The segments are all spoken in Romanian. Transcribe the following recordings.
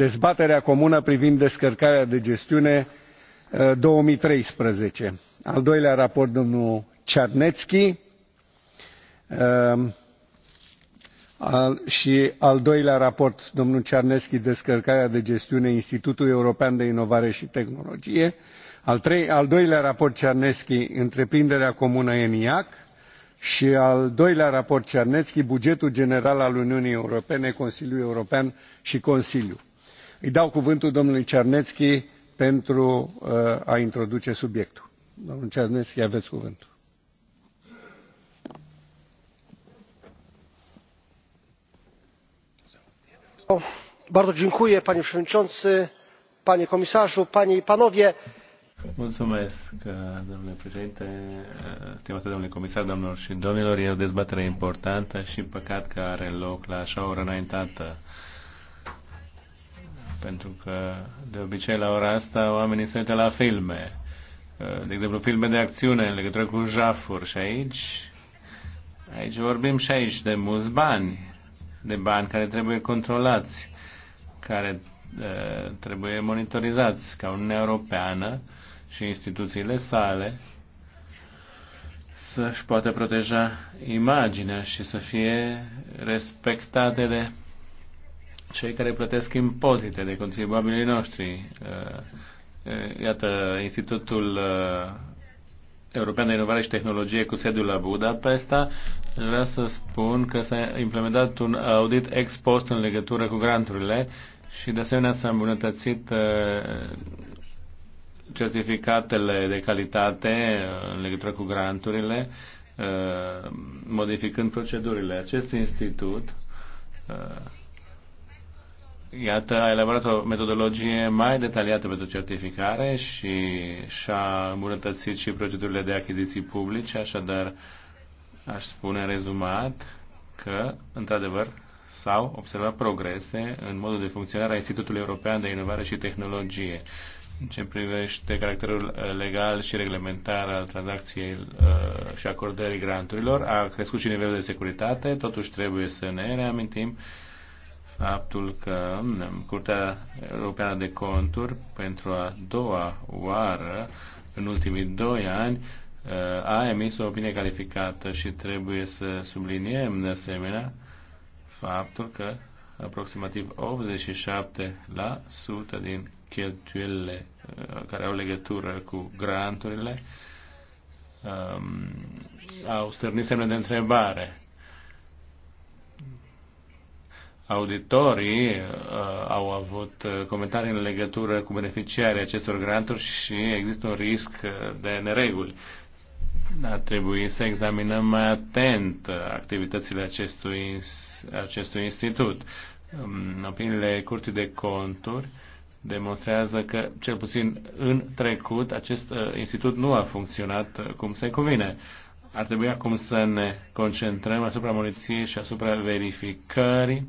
dezbaterea comună privind descărcarea de gestiune uh, două mii treisprezece al doilea raport domnul czarnecki uh, și al doilea raport domnul czarnecki descărcarea de gestiune institutul european de inovare și tehnologie al, doilea raport czarnecki întreprinderea comună eniac și al doilea raport czarnecki bugetul general al uniunii europene consiliul european și consiliu. Îi dau cuvântul domnului Cernețchi pentru uh, a introduce subiectul. Domnul Cernețchi, aveți cuvântul. panie przewodniczący panie komisarzu panie i panowie! mulțumesc domnule președinte stimate domnule comisar doamnelor și domnilor e o dezbatere importantă și păcat că are loc la așa o oră înaintată pentru că de obicei la ora asta oamenii se uită la filme, de exemplu filme de acțiune în legătură cu jafuri și aici, aici vorbim și aici de mulți bani, de bani care trebuie controlați, care uh, trebuie monitorizați ca Uniunea Europeană și instituțiile sale să-și poată proteja imaginea și să fie respectate de cei care plătesc impozite de contribuabilii noștri. Uh, uh, iată, Institutul uh, European de Inovare și Tehnologie cu sediul la Budapesta, vreau să spun că s-a implementat un audit ex post în legătură cu granturile și de asemenea s-a îmbunătățit certificatele de calitate în legătură cu granturile, modificând procedurile. Acest institut iată, a elaborat o metodologie mai detaliată pentru certificare și și-a îmbunătățit și procedurile de achiziții publice, așadar aș spune rezumat că, într-adevăr, s-au observat progrese în modul de funcționare a Institutului European de Inovare și Tehnologie în ce privește caracterul uh, legal și reglementar al tranzacției uh, și acordării granturilor. A crescut și nivelul de securitate, totuși trebuie să ne reamintim faptul că Curtea Europeană de Conturi pentru a doua oară în ultimii doi ani uh, a emis o opinie calificată și trebuie să subliniem de asemenea faptul că aproximativ 87% din cheltuielile uh, care au legătură cu granturile um, au stârnit semne de întrebare auditorii uh, au avut uh, comentarii în legătură cu beneficiarii acestor granturi și există un risc uh, de nereguli. Ar trebui să examinăm mai atent uh, activitățile acestui, acestui institut. În um, opiniile Curții de Conturi demonstrează că, cel puțin în trecut, acest institut nu a funcționat cum se cuvine. Uh, ar trebui acum să ne concentrăm asupra muniției și asupra verificării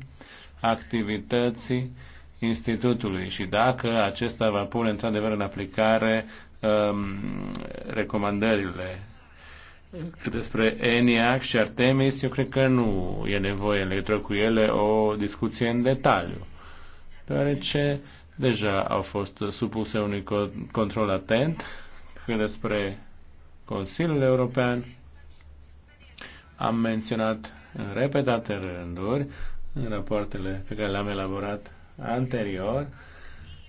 activității Institutului și dacă acesta va pune într-adevăr în aplicare um, recomandările despre ENIAC și Artemis, eu cred că nu e nevoie în legătură cu ele o discuție în detaliu, deoarece deja au fost supuse unui control atent, că despre Consiliul European, am menționat în repetate rânduri în rapoartele pe care le-am elaborat anterior,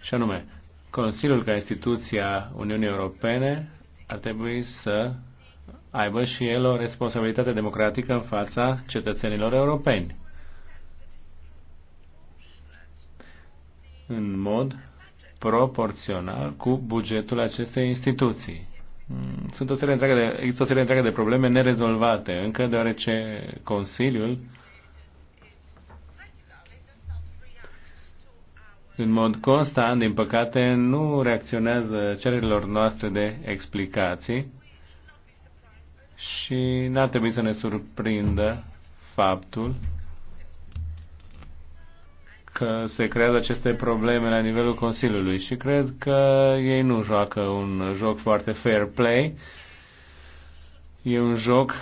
și anume, Consiliul ca instituția Uniunii Europene ar trebui să aibă și el o responsabilitate democratică în fața cetățenilor europeni. În mod proporțional cu bugetul acestei instituții. Mm, sunt o serie întreagă de, există o serie întreagă de probleme nerezolvate, încă deoarece Consiliul în mod constant, din păcate, nu reacționează cererilor noastre de explicații și n-ar trebui să ne surprindă faptul că se creează aceste probleme la nivelul Consiliului și cred că ei nu joacă un joc foarte fair play. E un joc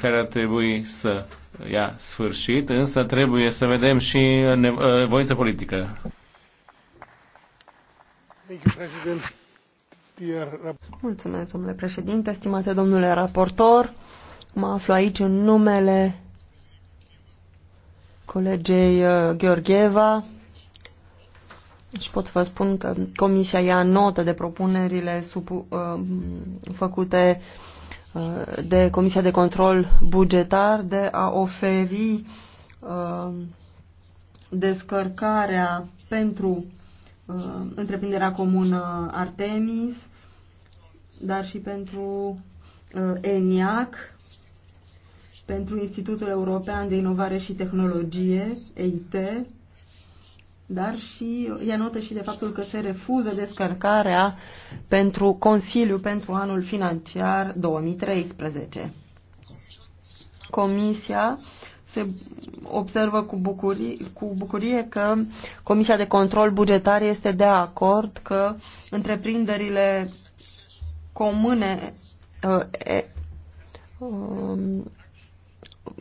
care ar trebui să ia sfârșit, însă trebuie să vedem și ă, voință politică. Mulțumesc, domnule președinte, stimate domnule raportor. Mă aflu aici în numele colegei uh, Gheorgheva și pot vă spun că Comisia ia notă de propunerile sub, uh, făcute uh, de Comisia de Control Bugetar de a oferi uh, descărcarea pentru uh, întreprinderea comună Artemis, dar și pentru uh, ENIAC pentru Institutul European de Inovare și Tehnologie, EIT, dar și ia notă și de faptul că se refuză descărcarea pentru Consiliu pentru anul financiar 2013. Comisia se observă cu bucurie, cu bucurie că Comisia de Control Bugetar este de acord că întreprinderile comune uh, e, um,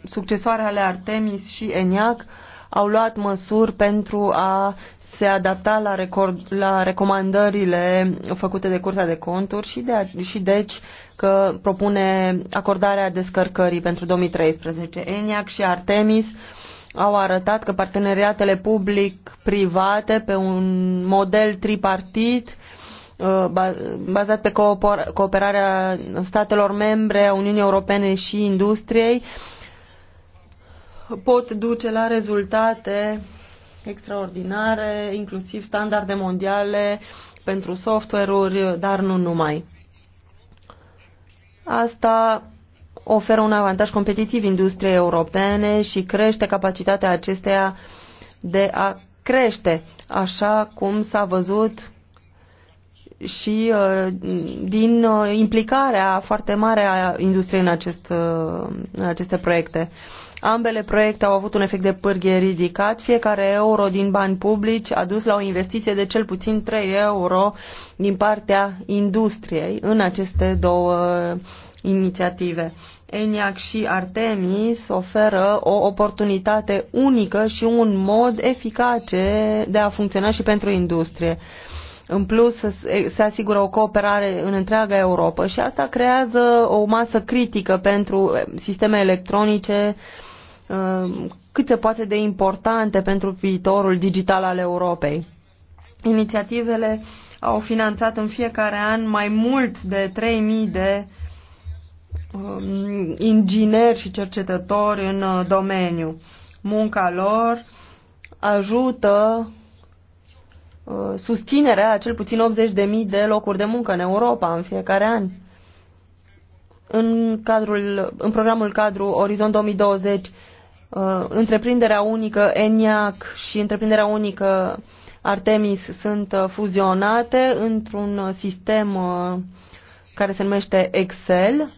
succesoare ale Artemis și ENIAC au luat măsuri pentru a se adapta la, record, la recomandările făcute de Curtea de Conturi și, de, și deci că propune acordarea descărcării pentru 2013. ENIAC și Artemis au arătat că parteneriatele public-private pe un model tripartit uh, bazat pe cooperarea statelor membre a Uniunii Europene și industriei pot duce la rezultate extraordinare, inclusiv standarde mondiale pentru software-uri, dar nu numai. Asta oferă un avantaj competitiv industriei europene și crește capacitatea acesteia de a crește, așa cum s-a văzut și uh, din uh, implicarea foarte mare a industriei în, acest, uh, în aceste proiecte. Ambele proiecte au avut un efect de pârghie ridicat. Fiecare euro din bani publici a dus la o investiție de cel puțin 3 euro din partea industriei în aceste două uh, inițiative. ENIAC și Artemis oferă o oportunitate unică și un mod eficace de a funcționa și pentru industrie. În plus, se asigură o cooperare în întreaga Europa și asta creează o masă critică pentru uh, sisteme electronice uh, Uh, cât se poate de importante pentru viitorul digital al Europei. Inițiativele au finanțat în fiecare an mai mult de 3.000 de um, ingineri și cercetători în uh, domeniu. Munca lor ajută uh, susținerea a cel puțin 80.000 de locuri de muncă în Europa în fiecare an. În, cadrul, în programul cadru Orizont 2020 uh, întreprinderea unică ENIAC și întreprinderea unică Artemis sunt uh, fuzionate într-un uh, sistem uh, care se numește Excel.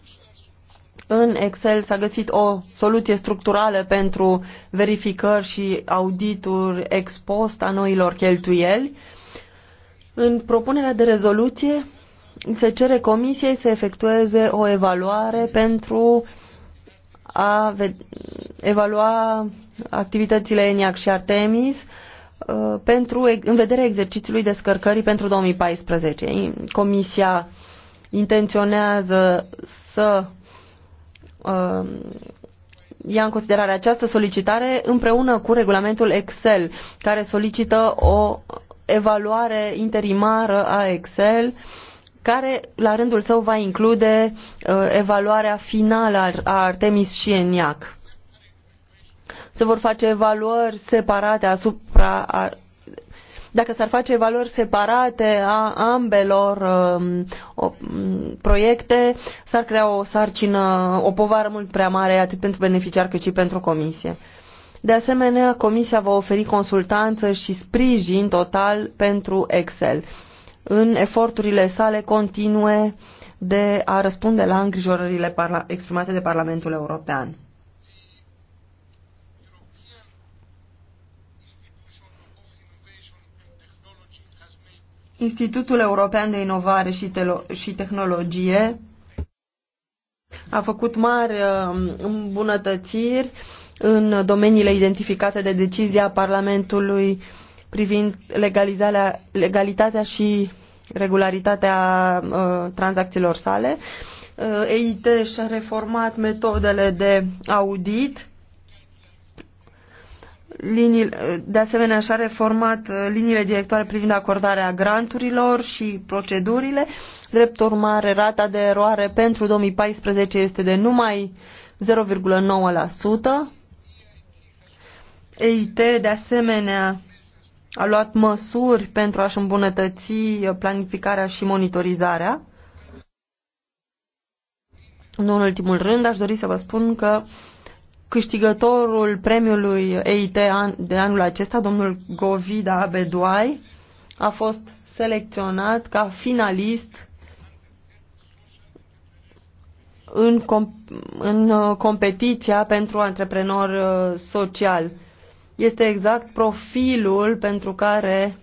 În Excel s-a găsit o soluție structurală pentru verificări și audituri ex post a noilor cheltuieli. În propunerea de rezoluție se cere comisiei să efectueze o evaluare pentru a evalua activitățile ENIAC și Artemis uh, pentru, în vederea exercițiului descărcării pentru 2014. Comisia intenționează să uh, ia în considerare această solicitare împreună cu regulamentul Excel, care solicită o evaluare interimară a Excel uh, care la rândul său va include uh, evaluarea finală a Artemis și ENIAC. Se vor face evaluări separate asupra dacă s-ar face evaluări separate a ambelor um, o, proiecte, s-ar crea o sarcină, o povară mult prea mare, atât pentru beneficiar cât și pentru comisie. De asemenea, comisia va oferi consultanță și sprijin total pentru Excel în eforturile sale continue de a răspunde la îngrijorările exprimate de Parlamentul European. Institutul European de Inovare și, și Tehnologie a făcut mari uh, îmbunătățiri în domeniile identificate de decizia Parlamentului privind legalizarea, legalitatea și regularitatea uh, tranzacțiilor sale. Uh, EIT și-a reformat metodele de audit. Linii, uh, de asemenea, și-a reformat uh, liniile directoare privind acordarea granturilor și procedurile. Drept urmare, rata de eroare pentru 2014 este de numai 0,9%. EIT, de asemenea, a luat măsuri pentru a-și îmbunătăți planificarea și monitorizarea. Nu în ultimul rând, aș dori să vă spun că câștigătorul premiului EIT de anul acesta, domnul Govida Abeduai, a fost selecționat ca finalist în, comp- în uh, competiția pentru antreprenor uh, social este exact profilul pentru care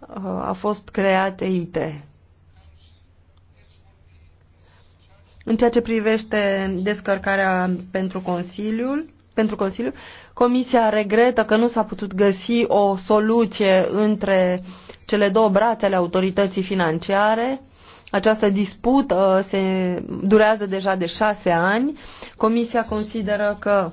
uh, a fost creat EIT. În ceea ce privește descărcarea pentru Consiliul, pentru Consiliu, Comisia regretă că nu s-a putut găsi o soluție între cele două brațe ale autorității financiare. Această dispută se durează deja de șase ani. Comisia consideră că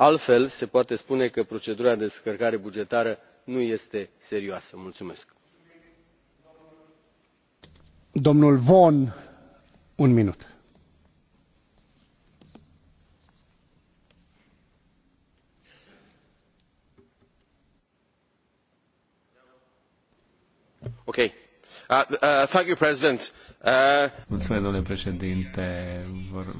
altfel se poate spune că procedura de descărcare bugetară nu este serioasă. mulțumesc. domnul un minut. Uh, uh, Mulțumesc, domnule președinte.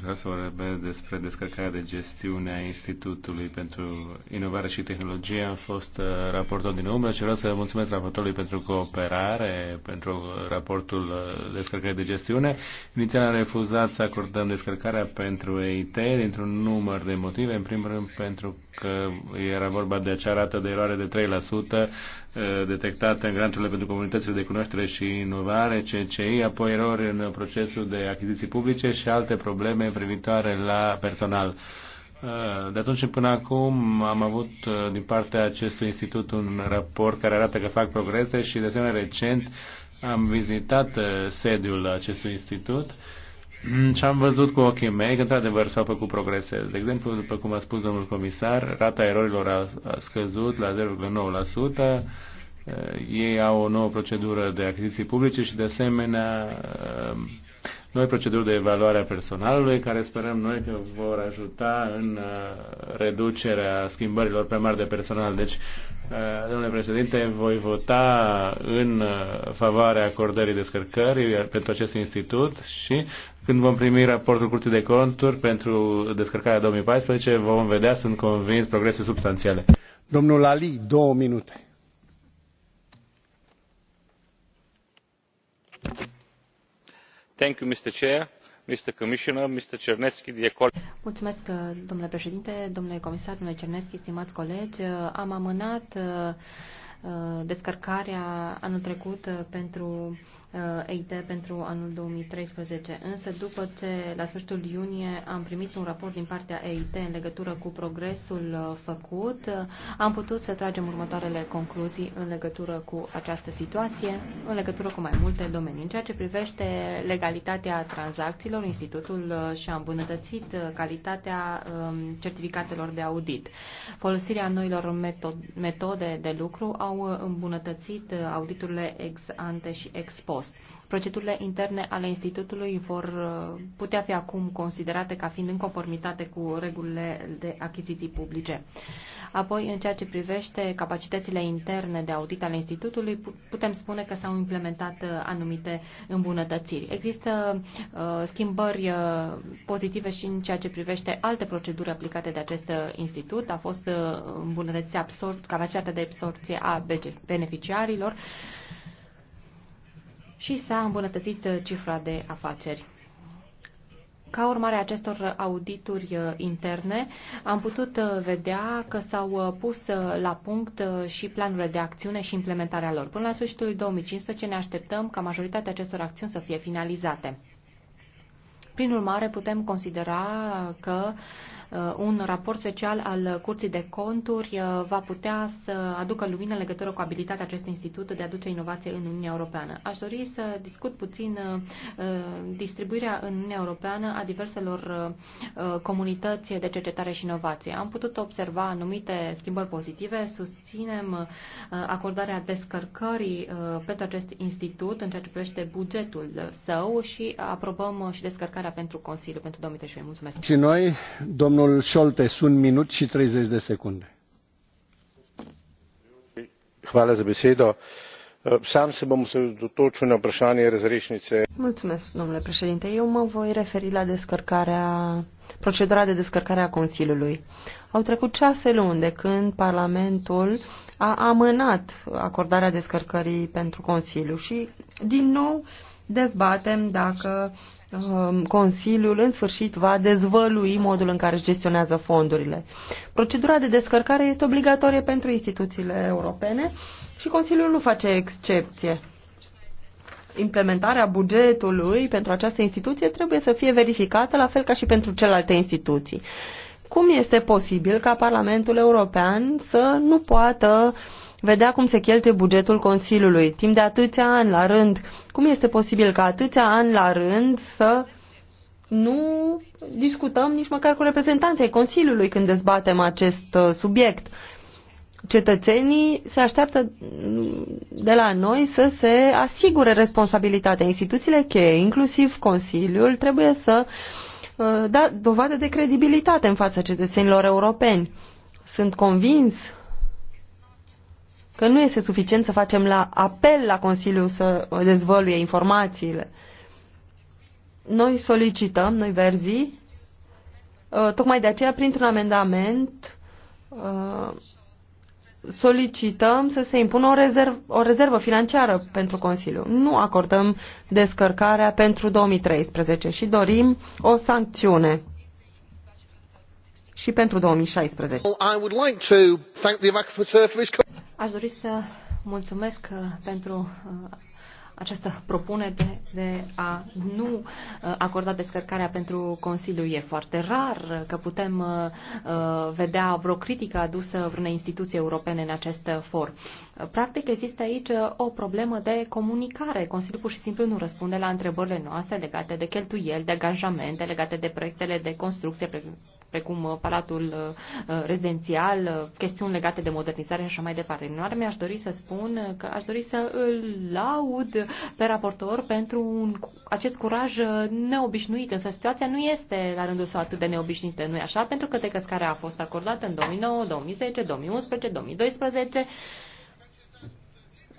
Vreau să vorbesc despre descărcarea de gestiune a Institutului pentru Inovare și Tehnologie. Am fost uh, raportor din umbră și vreau să mulțumesc raportorului pentru cooperare, pentru raportul uh, descărcării de gestiune. Inițial am refuzat să acordăm descărcarea pentru EIT dintr-un număr de motive. În primul rând pentru că era vorba de acea rată de eroare de 3% uh, detectată în granturile pentru comunitățile de cunoaștere și inovare, CCI, apoi erau erori în procesul de achiziții publice și alte probleme privitoare la personal. Uh, de atunci până acum am avut uh, din partea acestui institut un raport care arată că fac progrese și de asemenea recent am vizitat uh, sediul acestui institut și am văzut cu ochii mei că într-adevăr s-au făcut progrese. De exemplu, după cum a spus domnul comisar, rata erorilor a scăzut la 0,9%, Eh, ei au o nouă procedură de achiziții publice și de asemenea eh, noi proceduri de evaluare a personalului care sperăm noi că vor ajuta în eh, reducerea schimbărilor pe mari de personal. Deci, domnule președinte, voi vota în favoarea acordării descărcării pentru acest institut și când vom primi raportul Curții de Conturi pentru descărcarea 2014 vom vedea, sunt convins, progrese substanțiale. Domnul Ali, două minute. Mulțumesc, domnule președinte domnule comisar domnule czarnecki stimați colegi am amânat uh, uh, descărcarea anul trecut uh, pentru Uh, EIT pentru anul 2013. Însă, după ce la sfârșitul iunie am primit un raport din partea EIT în legătură cu progresul uh, făcut, uh, am putut să tragem următoarele concluzii în legătură cu această situație, în legătură cu mai multe domenii. În ceea ce privește legalitatea tranzacțiilor, Institutul și-a îmbunătățit calitatea um, certificatelor de audit. Folosirea noilor metode de lucru au îmbunătățit auditurile ex ante și ex post fost. Procedurile interne ale Institutului vor uh, putea fi acum considerate ca fiind în conformitate cu regulile de achiziții publice. Apoi, în ceea ce privește capacitățile interne de audit ale Institutului, putem spune că s-au implementat uh, anumite îmbunătățiri. Există uh, schimbări uh, pozitive și în ceea ce privește alte proceduri aplicate de acest uh, institut. A fost uh, îmbunătățită capacitatea de absorție a beneficiarilor. Uh, și s-a îmbunătățit uh, cifra de afaceri. Ca urmare a acestor audituri uh, interne, am putut uh, vedea că s-au pus la punct și planurile de acțiune și implementarea lor. Până la sfârșitul 2015 ne așteptăm ca majoritatea acestor acțiuni să fie finalizate. Prin urmare, putem considera că uh, Uh, un raport special al Curții de Conturi uh, va putea să aducă lumină în legătură cu abilitatea acestui institut de a aduce inovație în Uniunea Europeană. Aș dori să discut puțin uh, distribuirea în Uniunea Europeană a diverselor comunități de cercetare și inovație. Am putut observa anumite schimbări pozitive, susținem acordarea descărcării pentru acest institut în ceea ce privește bugetul său și aprobăm și descărcarea pentru Consiliu pentru 2013. Mulțumesc. Și noi, domnul Domnul Scholtes, un minut și 30 de secunde. Hvala za besedo. Sam se bom osredotočil na vprašanje razrešnice. Mulțumesc, domnule președinte. Eu mă voi referi la descărcarea, procedura de descărcare a Consiliului. Au trecut șase luni de când Parlamentul a amânat acordarea descărcării pentru Consiliu și, din nou, dezbatem dacă um, Consiliul în sfârșit va dezvălui modul în care își gestionează fondurile. Procedura de descărcare este obligatorie pentru instituțiile europene și Consiliul nu face excepție. Implementarea bugetului pentru această instituție trebuie să fie verificată la fel ca și pentru celelalte instituții. Cum este posibil ca Parlamentul European să nu poată uh, vedea cum se cheltuie bugetul Consiliului, timp de atâția ani la rând. Cum este posibil ca atâția ani la rând să nu discutăm nici măcar cu reprezentanții Consiliului când dezbatem acest uh, subiect? cetățenii se așteaptă mm, de la noi să se asigure responsabilitatea. Instituțiile cheie, inclusiv Consiliul, trebuie să da dovadă de credibilitate în fața cetățenilor europeni. Sunt convins că nu este suficient să facem la apel la Consiliu să dezvăluie informațiile. Noi solicităm, noi verzii, uh, tocmai de aceea, printr-un amendament, uh, solicităm să se impună o, rezerv, o rezervă financiară pentru Consiliu. Nu acordăm descărcarea pentru 2013 și dorim o sancțiune și pentru 2016. Aș dori să mulțumesc uh, pentru uh, această propunere de, de a nu uh, acorda descărcarea pentru Consiliu. E foarte rar că putem vedea vreo critică adusă vreunei instituții europene în acest for. Practic există aici o problemă de comunicare. Consiliul pur și simplu nu răspunde la întrebările noastre legate de cheltuieli, de angajamente, legate de proiectele de construcție, precum uh, palatul uh, uh, rezidențial, chestiuni legate de modernizare și așa mai departe. Nu ar mi-aș dori să spun că aș dori să îl laud pe raportor pentru un, acest curaj neobișnuit, însă situația nu este la rândul său atât de neobișnuită, nu-i așa? Pentru că decăscarea a fost acordată în 2009, 2010, 2011, 2012,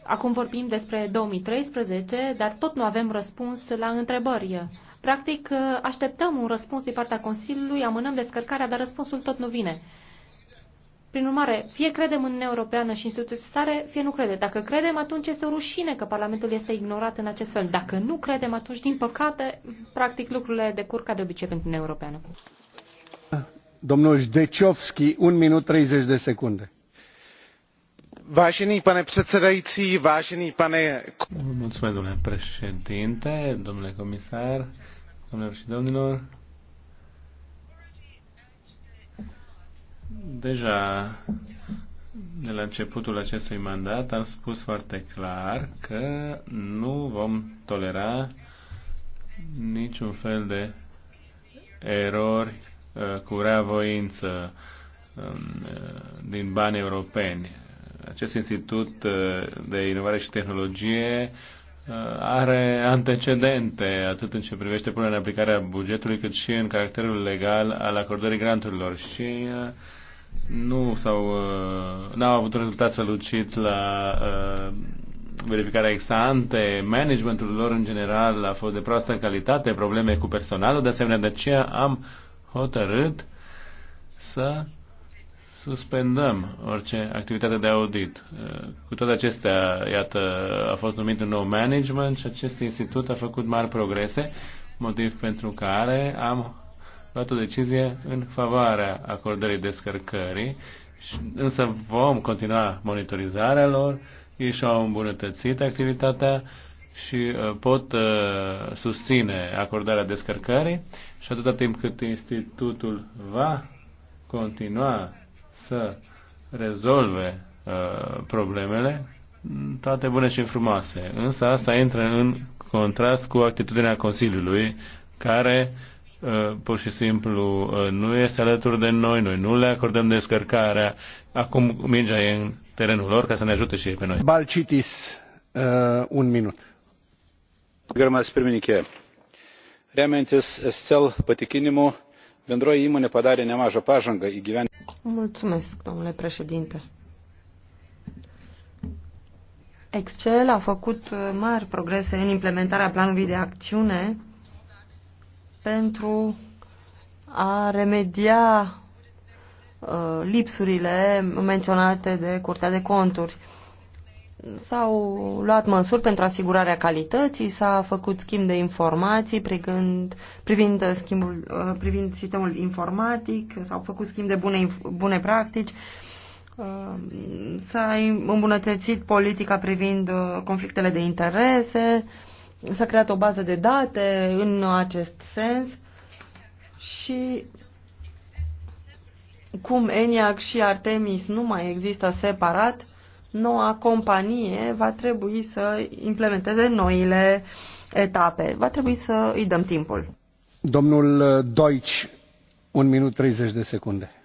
Acum vorbim despre 2013, dar tot nu avem răspuns la întrebări. Practic, uh, așteptăm un răspuns din partea Consiliului, amânăm descărcarea, dar răspunsul tot nu vine. Prin urmare, fie credem în Europeană și instituții sare, fie nu credem. Dacă credem, atunci este o rușine că Parlamentul este ignorat în acest fel. Dacă nu credem, atunci, din păcate, practic lucrurile decurg ca de obicei pentru Uniunea Europeană. Domnul Jdeciovski, 1 minut 30 de secunde pane předsedající pane. mulțumesc domnule președinte domnule comisar doamnelor și domnilor deja de la începutul acestui mandat am spus foarte clar că nu vom tolera niciun fel de erori uh, cu rea voință um, uh, din bani europeni acest institut uh, de inovare și tehnologie uh, are antecedente atât în ce privește punerea în aplicare a bugetului cât și în caracterul legal al acordării granturilor și uh, nu s-au n-au avut un rezultat lucit la verificarea ex ante, managementul lor în general a fost de proastă calitate, probleme cu personalul, de asemenea de aceea am hotărât să suspendăm orice activitate de audit. Uh, cu toate acestea, iată, a fost numit un nou management și acest institut a făcut mari progrese, motiv pentru care am luat o decizie în favoarea acordării descărcării, însă vom continua monitorizarea lor, ei și-au îmbunătățit activitatea și uh, pot uh, susține acordarea descărcării și atâta timp cât institutul va continua să rezolve uh, problemele, mm, toate bune și frumoase. Însă asta intră în contrast cu actitudinea Consiliului, care uh, pur și simplu uh, nu este alături de noi, noi nu le acordăm descărcarea. Acum mingea e în terenul lor ca să ne ajute și ei pe noi. Balcitis, uh, un minut. Gerbiamas pirmininke, Reamintesc cel patikinimu, bendroji įmonė padarė nemažą pažangą Mulțumesc, domnule președinte. Excel a făcut uh, mari progrese în implementarea planului de acțiune pentru a remedia uh, lipsurile menționate de Curtea de Conturi. S-au luat măsuri pentru asigurarea calității, s-a făcut schimb de informații privind, privind, uh, schimbul, uh, privind sistemul informatic, s-au făcut schimb de bune, bune practici, uh, s-a îmbunătățit politica privind conflictele de interese, s-a creat o bază de date în acest sens și cum ENIAC și Artemis nu mai există separat, noua companie va trebui să implementeze noile etape. Va trebui să îi dăm timpul. Domnul Deutsch, un minut 30 de secunde.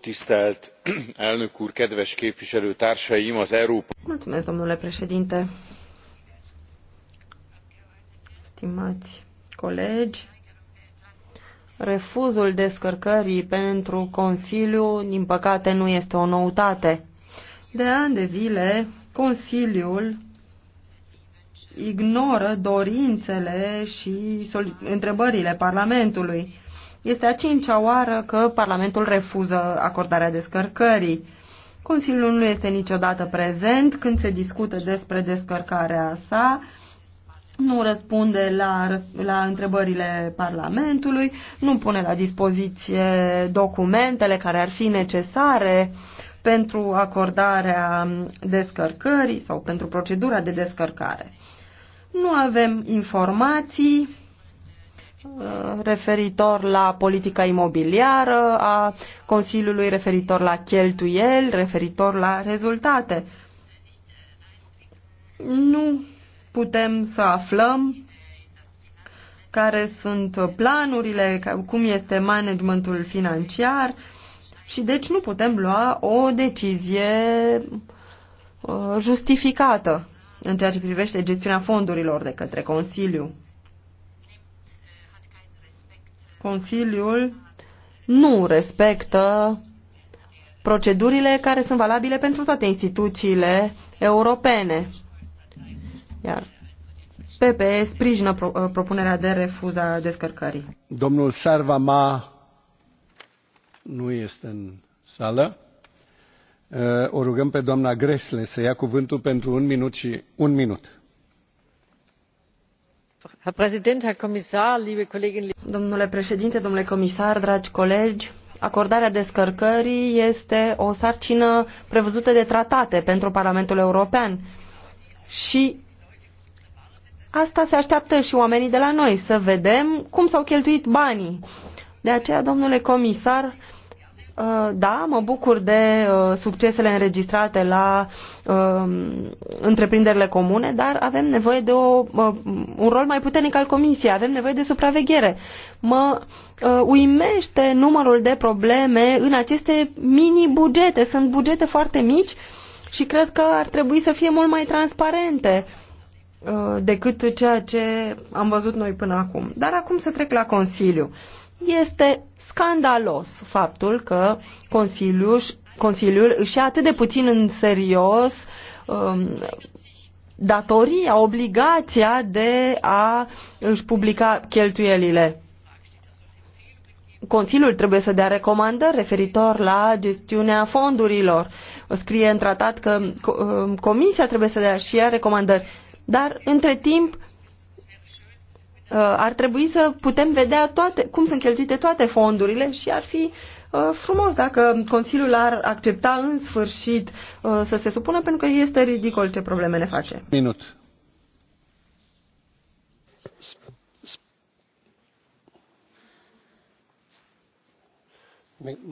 tisztelt elnök úr kedves képviselőtársaim! az Mulțumesc domnule președinte stimați colegi Refuzul descărcării pentru Consiliu, din păcate, nu este o noutate. De ani de zile, Consiliul ignoră dorințele și întrebările Parlamentului. Este a cincea oară că Parlamentul refuză acordarea descărcării. Consiliul nu este niciodată prezent când se discută despre descărcarea sa, nu răspunde la, la întrebările Parlamentului, nu pune la dispoziție documentele care ar fi necesare pentru acordarea descărcării sau pentru procedura de descărcare. Nu avem informații uh, referitor la politica imobiliară a Consiliului, referitor la cheltuieli, referitor la rezultate. Nu putem să aflăm care sunt planurile, cum este managementul financiar și deci nu putem lua o decizie uh, justificată în ceea ce privește gestiunea fondurilor de către Consiliu. Consiliul nu respectă procedurile care sunt valabile pentru toate instituțiile europene. Iar PPE sprijină pro, uh, propunerea de refuz a descărcării. Domnul Sarva Ma nu este în sală. Uh, o rugăm pe doamna Gresle să ia cuvântul pentru un minut și un minut. Domnule președinte, domnule comisar, dragi colegi, acordarea descărcării este o sarcină prevăzută de tratate pentru Parlamentul European și Asta se așteaptă și oamenii de la noi, să vedem cum s-au cheltuit banii. De aceea, domnule comisar, uh, da, mă bucur de uh, succesele înregistrate la uh, întreprinderile comune, dar avem nevoie de o, un rol mai puternic al comisiei, avem nevoie de supraveghere. Mă uimește numărul de probleme în aceste mini-bugete. Sunt bugete foarte mici și cred că ar trebui să fie mult mai transparente Uh, decât ceea ce am văzut noi până acum. Dar acum să trec la Consiliu. Este scandalos faptul că Consiliul, Consiliul își ia atât de puțin în serios um, datoria, obligația de a își publica cheltuielile. Consiliul trebuie să dea recomandări referitor la gestiunea fondurilor. Scrie în tratat că um, Comisia trebuie să dea și ea recomandări. Dar, între timp, uh, ar trebui să putem vedea toate, cum sunt cheltuite toate fondurile și ar fi uh, frumos dacă Consiliul ar accepta în sfârșit uh, să se supună, pentru că este ridicol ce probleme ne face. Minut.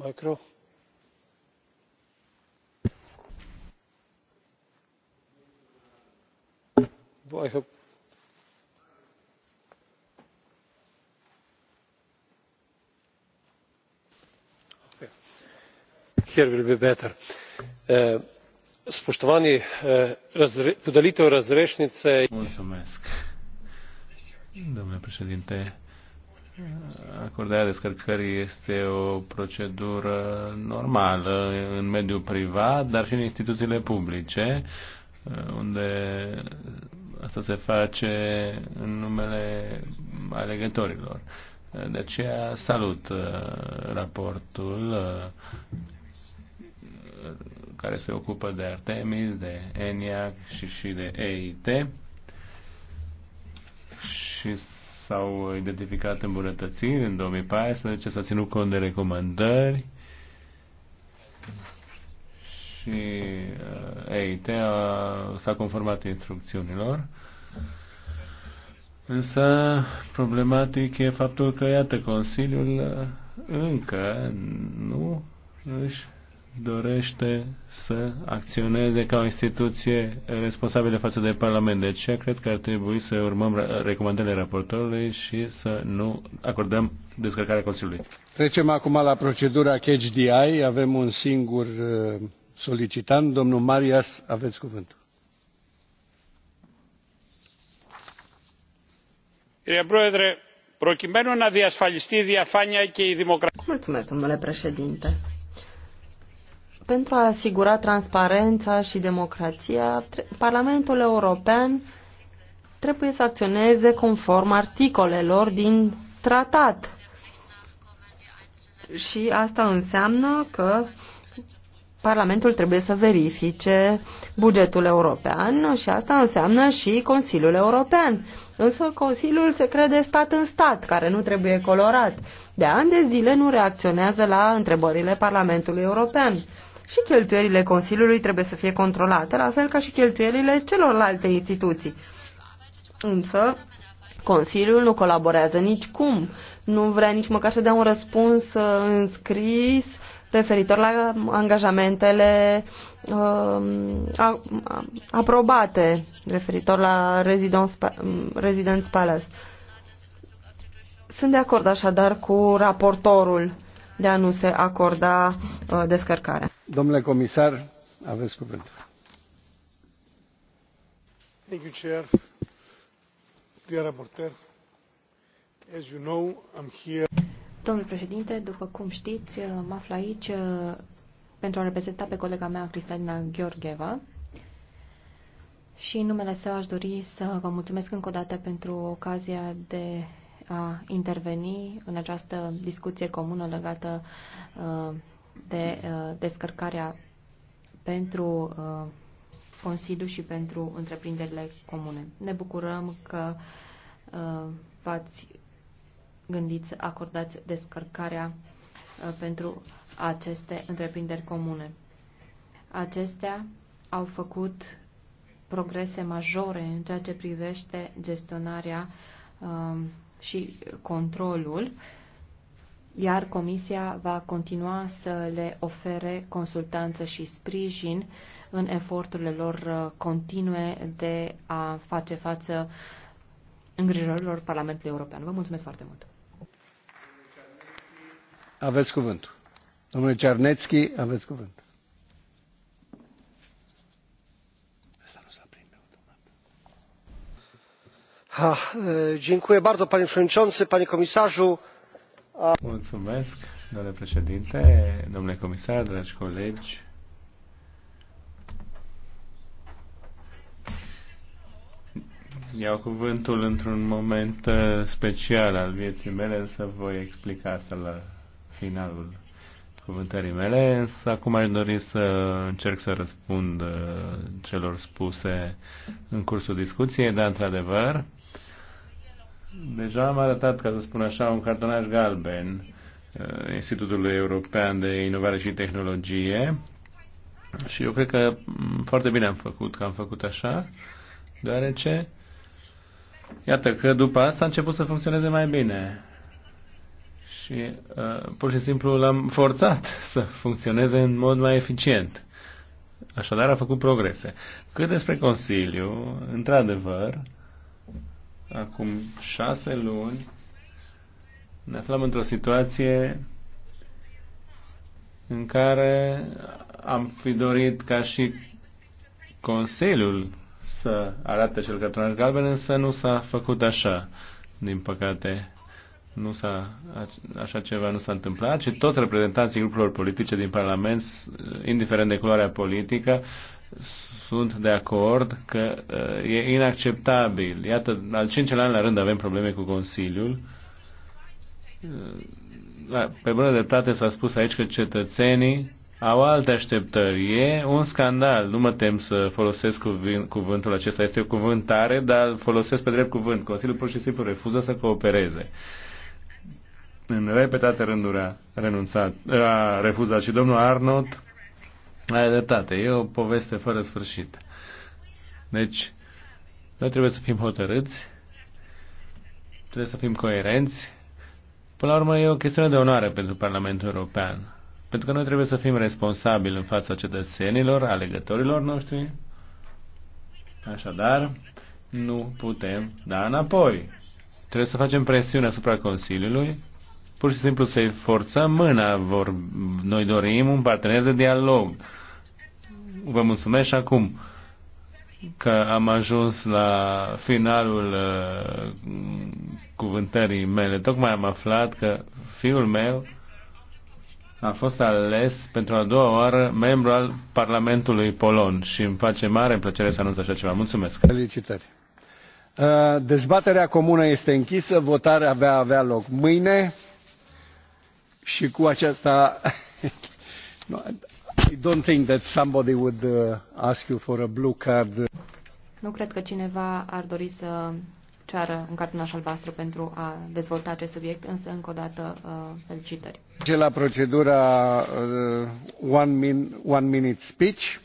Micro. spoštovani podelitev razrešnice. domnule președinte acordarea descărcării este o procedură normală în mediul privat dar și în instituțiile publice unde Asta se face în numele alegătorilor. De aceea salut uh, raportul uh, care se ocupă de Artemis, de ENIAC și și de EIT și s-au identificat îmbunătățiri în 2014, s-a ținut cont de recomandări și uh, ei s-a conformat instrucțiunilor. Însă problematic e faptul că, iată, Consiliul uh, încă nu își dorește să acționeze ca o instituție responsabilă față de Parlament. De deci, cred că ar trebui să urmăm recomandările raportorului și să nu acordăm descărcarea Consiliului. Trecem acum la procedura CHDI. Avem un singur uh, solicitant. Domnul Marias, aveți cuvântul. Mulțumesc, domnule președinte. Pentru a asigura transparența și democrația, Parlamentul European trebuie să acționeze conform articolelor din tratat. Și asta înseamnă că Parlamentul trebuie să verifice bugetul european și asta înseamnă și Consiliul European. Însă Consiliul se crede stat în stat, care nu trebuie colorat. De ani de zile nu reacționează la întrebările Parlamentului European. Și cheltuielile Consiliului trebuie să fie controlate, la fel ca și cheltuielile celorlalte instituții. Însă, Consiliul nu colaborează nici cum, nu vrea nici măcar să dea un răspuns uh, scris referitor la um, angajamentele uh, aprobate, referitor la um, Residence Palace. Sunt de acord așadar cu raportorul de a nu se acorda uh, descărcarea. Domnule comisar, aveți cuvântul. Thank you, Chair. Dear Rapporteur, as you know, I'm here. Domnul președinte, după cum știți, uh, mă aflu aici uh, pentru a reprezenta pe colega mea, Cristalina Gheorgheva. Și în numele său aș dori să vă mulțumesc încă o dată pentru ocazia de a interveni în această discuție comună legată uh, de descărcarea pentru Consiliu și pentru întreprinderile comune. Ne bucurăm că v-ați gândiți să acordați descărcarea uh, pentru aceste întreprinderi comune. Acestea au făcut progrese majore în ceea ce privește gestionarea um, și controlul, iar Comisia va continua să le ofere consultanță și sprijin în eforturile lor uh, continue de a face față îngrijorilor Parlamentului European. Vă mulțumesc foarte mult! aveți cuvântul. Domnule Cernețchi, aveți cuvântul. panie przewodniczący! panie komisarzu! mulțumesc domnule președinte domnule comisar dragi colegi iau cuvântul într un moment uh, special al vieții mele să vă explic asta la finalul cuvântării mele, însă acum aș dori să încerc să răspund uh, celor spuse în cursul discuției, dar într-adevăr, deja am arătat, ca să spun așa, un cartonaj galben uh, Institutului European de Inovare și Tehnologie și eu cred că mm, foarte bine am făcut că am făcut așa, deoarece Iată că după asta a început să funcționeze mai bine și uh, pur și simplu l-am forțat să funcționeze în mod mai eficient. Așadar a făcut progrese. Cât despre Consiliu, într-adevăr, acum șase luni ne aflam într-o situație în care am fi dorit ca și Consiliul să arate cel cartonaș galben, însă nu s-a făcut așa, din păcate nu s-a, așa ceva nu s-a întâmplat și toți reprezentanții grupurilor politice din Parlament, indiferent de culoarea politică, sunt de acord că uh, e inacceptabil. Iată, al cincilea an la rând avem probleme cu Consiliul. Uh, pe bună dreptate s-a spus aici că cetățenii au alte așteptări. E un scandal. Nu mă tem să folosesc cuvânt, cuvântul acesta. Este o cuvântare, dar folosesc pe drept cuvânt. Consiliul pur și simplu refuză să coopereze. Uh, în repetate rânduri a, renunțat, a refuzat și domnul Arnold are dreptate. E o poveste fără sfârșit. Deci, noi trebuie să fim hotărâți, trebuie să fim coerenți. Până la urmă, e o chestiune de onoare pentru Parlamentul European. Pentru că noi trebuie să fim responsabili în fața cetățenilor, alegătorilor noștri. Așadar, nu putem da înapoi. Trebuie să facem presiune asupra Consiliului pur și simplu să-i forțăm mâna. Vor, noi dorim un partener de dialog. Vă mulțumesc și acum că am ajuns la finalul uh, cuvântării mele. Tocmai am aflat că fiul meu a fost ales pentru a doua oară membru al Parlamentului Polon și îmi face mare plăcere să anunț așa ceva. Mulțumesc! Felicitări! Uh, dezbaterea comună este închisă, votarea va avea loc mâine și cu aceasta I don't think that somebody would uh, ask you for a blue card. Nu cred că cineva ar dori să ceară în cartonaș albastru pentru a dezvolta acest subiect, însă încă o dată uh, felicitări. Ce La procedura uh, one, min, one minute speech.